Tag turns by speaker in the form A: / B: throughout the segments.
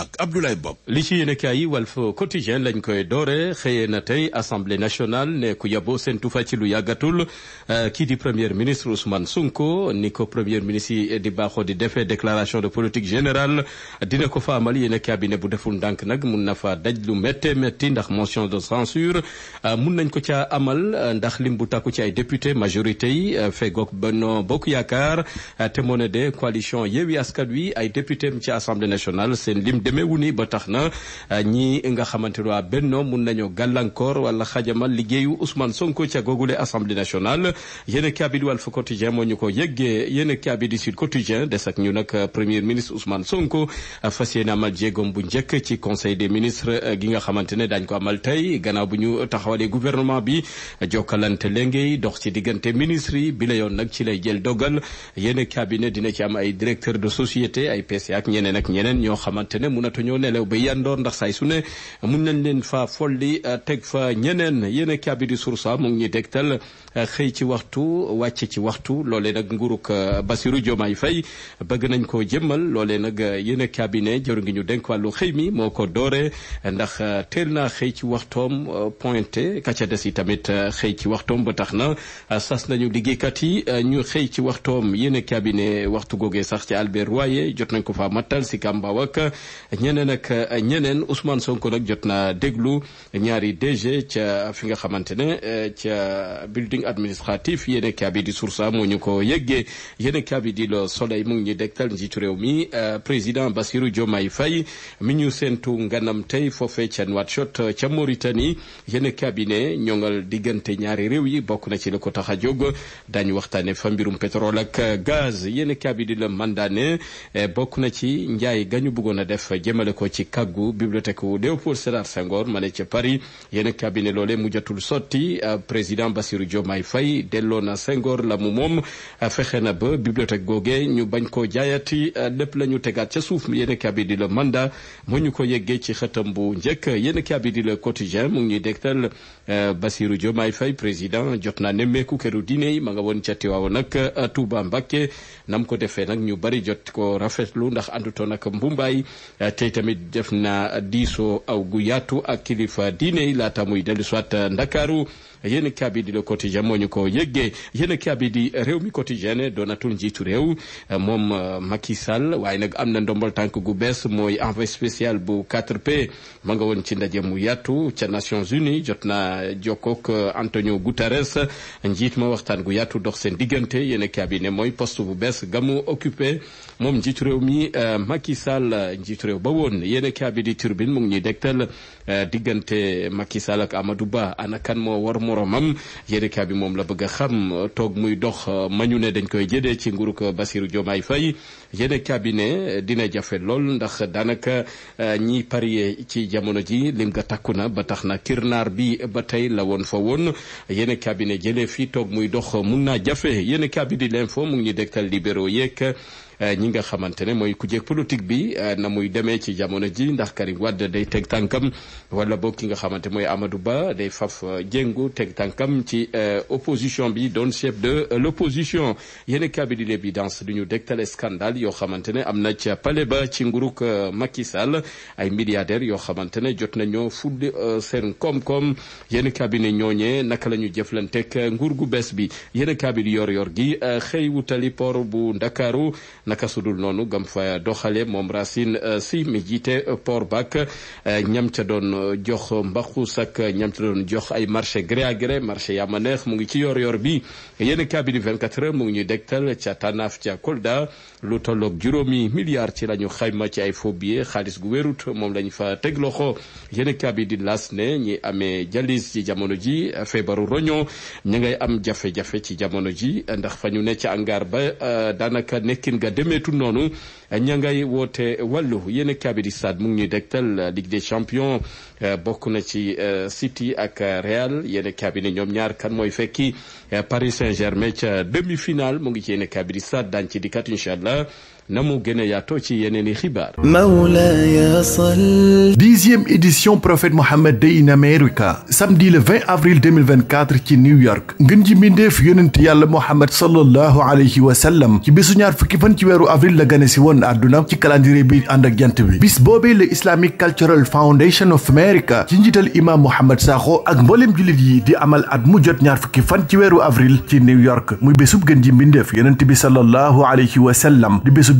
A: ak Abdoulaye Bob. li ci yéenekaay yi Walf Quotidien lañ koy doore xëyee na tey assemblée nationale ne ku yaboo séntu fa ci lu yàggatul euh, kii premier ministre Ousmane Sonko ni ko premier ministre yi di baaxoo di defee déclaration de politique générale dina ko fa amal yéenekaay bi ne bu deful ndànk nag mun na fa daj lu méttee métti ndax motion de censure euh, mun nañ ko caa amal euh, ndax lim bu takku ci ay député majorité yi fegook Benno Bokk Yaakaar te moo ne de coalition Yewwi Askan Wi ay demeewu ni ba tax na euh, ñi nga xamante ne waa Benno mun nañoo gàllankoor wala xajamal liggéeyu usman Sonko ca googule assemblée nationale yéen a kaabidi Walf Quotidien moo ñu ko yëggee yéen a kaabidi Sud Quotidien des ak ñu nag euh, premier ministre Ousmane Sonko euh, fas yéene amal jéegoom bu njëkk ci conseil des ministres gi xamante ne daañu ko amal tey gannaaw bu ñu taxawalee gouvernement bi jokkalante léngéey dox ci diggante ministre yi bi la yoon nag ci lay jël dogal yéen a kaabine dina ci am ay directeur de société ay PC ak ñeneen ak ñeneen ñoo xamante ne mënatuñoo nelew ba yandoor ndax saay su ne mun nañ leen fa folli euh, teg fa ñeneen yéen a kaabi di sursa mu ngi ñuy tegtal euh, xëy ci waxtu wàcc ci waxtu loole nag nguuruk euh, Bassirou Diomaye fay bëgg nañ koo jëmmal loolee nag yéen a cabinet jëru ngi ñu dénk wàllu xëy mi moo ko dooree ndax teel na xëy ci waxtoom pointé ka ca des yi tamit xëy ci waxtoom ba tax na sas nañu liggéeykat yi ñu xëy ci waxtoom yéen a cabinet waxtu googee sax ci Albert Royer jot nañ ko fa matal si Kamba ñeneen ak ñeneen Ousmane Sonko nag jot na déglu ñaari DG ca fi nga xamante ne eh, ca building administratif yéen kaabi di source moo ñu ko yëggee yéen kaabi di Le Soleil mu ñu dégtal njiitu réew mi eh, président Bassirou Diomaye fay mi ñu séentu nganam tey foofee ca Nouakchott eh, ca Mauritanie yéen kaabi ne ñoŋal diggante ñaari réew yi bokk na ci li ko tax a jóg daañu waxtaane fa mbirum pétrole ak gaz yéen kaabi di la mandaane bokk na ci njaay gañu bëggoon a def fa jëmale ko ci kàggu bibliothèque wu Léopold Sédar Senghor ma ne ca Paris yéen cabinet loole mu jotul sotti euh, président Bassirou Diomaye fay delloo na Senghor la mu moom euh, fexe na ba bibliothèque googe ñu bañ koo jaayati euh, lépp la ñu tegaat ca suuf yéen cabinet le mandat mu ñu ko yeggee ci xëtam bu njëkk yéen la le quotidien mu ngi ñuy dégtal Bassirou Diomaye Faye président jot naa nemmeeku këru diine yi ma nga woon ca Tiwaawan nag tubaa mbakke nam ko defee nag ñu bari jot ko rafetlu ndax àndutoon ak mbumbaay tey tamit def na diisoo aw gu yaatu ak kilifa diine laata muy dellu soit Ndakaaru yéen kaay bi di le quotidien moo ñu ko yëggee yenn kaay bi di réew mi quotidien doonatul njiitu réew moom euh, Macky Sall waaye nag am na ndombal tànk gu bees mooy envoyé spécial bu quatre p ma nga woon ci ndaje mu yaatu ca Nations uni jot naa jokkook euh, Antonio Guterres njiit ma waxtaan gu yaatu dox seen diggante yéen kaay bi ne mooy post bu bees gamu occupé moom njiitu réew mi euh, Macky Sall njiitu réew ba woon yéen kaay bi di turbine mu ngi ñuy dégtal diggante Macky Sall ak Amadou Ba ana kan moo war moromam yéenekaay bi moom la bëgg a xam toog muy dox mañu ne dañ koy jëlee ci nguurug Bassirou Diomaye Faye yéenekaay bi ne dina jafe lool ndax daanaka euh, ñiy parier ci jamono ji lim nga takku na ba tax na kirnaar bi ba tey la woon fa woon yéenekaay bi ne jëlee fii toog muy dox mun naa jafe yéenekaay bi di l'info mu ngi dekkal libéraux yeeg Euh, ñi nga xamante ne mooy kujje politique bi euh, na muy demee ci jamono ji ndax kari Wade day teg tànkam wala boog ki nga xamante mooy amadu Ba day faf euh, jéngu teg tànkam ci opposition bi doon chef de l'opposition yenn kabi di l'évidence du ñu dégtale scandale yoo xamante ne am na ca pale ba ci nguruk Macky Sall ay milliardaires yoo xamante ne jot nañoo fudd seen koom-koom yéen cabinet ñooñee naka la ñu jëflanteeg nguur gu bees bi yéen cabinet yor yor gi xëy wutali bu Ndakaaru naka sudul noonu gam fa doxale moom Racine si mi jiite port bac eh, ñam ca doon jox mbaxus ak ñam ca doon jox ay marché gré à gré marché yaa ma neex mu ngi ci yor yor bi yéen kabidi 24 heures mu ngi ñuy dégtal ca Tanaff ca Kolda lu tolloog juróomi milliards ci la ñu xayma ci ay faux xaalis gu wérut moom lañ fa teg loxo yéen kabidi las ne ñi amee jalis ci jamono ji feebaru roño ña ngay am jafe-jafe ci jamono ji ndax fa ñu eh, nekkin ga demeetul noonu ña ngay woote wàllu yenn kaabi di stade mu ngi ñuy dégtal euh, Ligue des champions euh, bokk na ci euh, City ak Real yenn kaabi ne ñoom ñaar kan mooy fekki Paris Saint-Germain ca demi final mu ngi ci yenn kaabi di stade daan ci dikkat incha allah na mu gën a yaatoo ci yeneen i xibaar.
B: Mawlaya Sall. dixième édition prophète Mohammed Day in America samedi le 20 avril 2024 ci New York ngën ji mbindeef yonent yàlla Mohammed sallallahu alayhi wa sallam ci bisu ñaar fukki fan ci weeru avril la gane si woon àdduna ci calendrier bi ànd ak jant bi bis boobee le Islamic Cultural Foundation of America ci njiital imaam Mohamed Sakho ak mboolem jullit yi di amal at mu jot ñaar fukki fan ci weeru avril ci New York muy bésub gën ji mbindeef yonent bi sallallahu alayhi wa sallam di bésub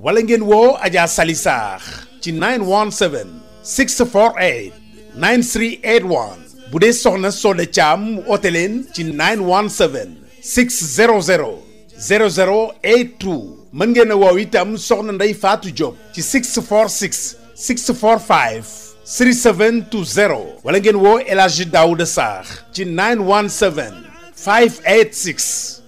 C: wala ngeen woo Adja Sali Sarr ci 917 648 9381 bu dee soxna Soda Thiam oote leen ci naan zero 917 600 0082 mën ngeen a woow itam soxna Ndeye Fatou Diop ci sri 646 645 3720 wala ngeen woo El Hadji Daouda Sarr ci 917 586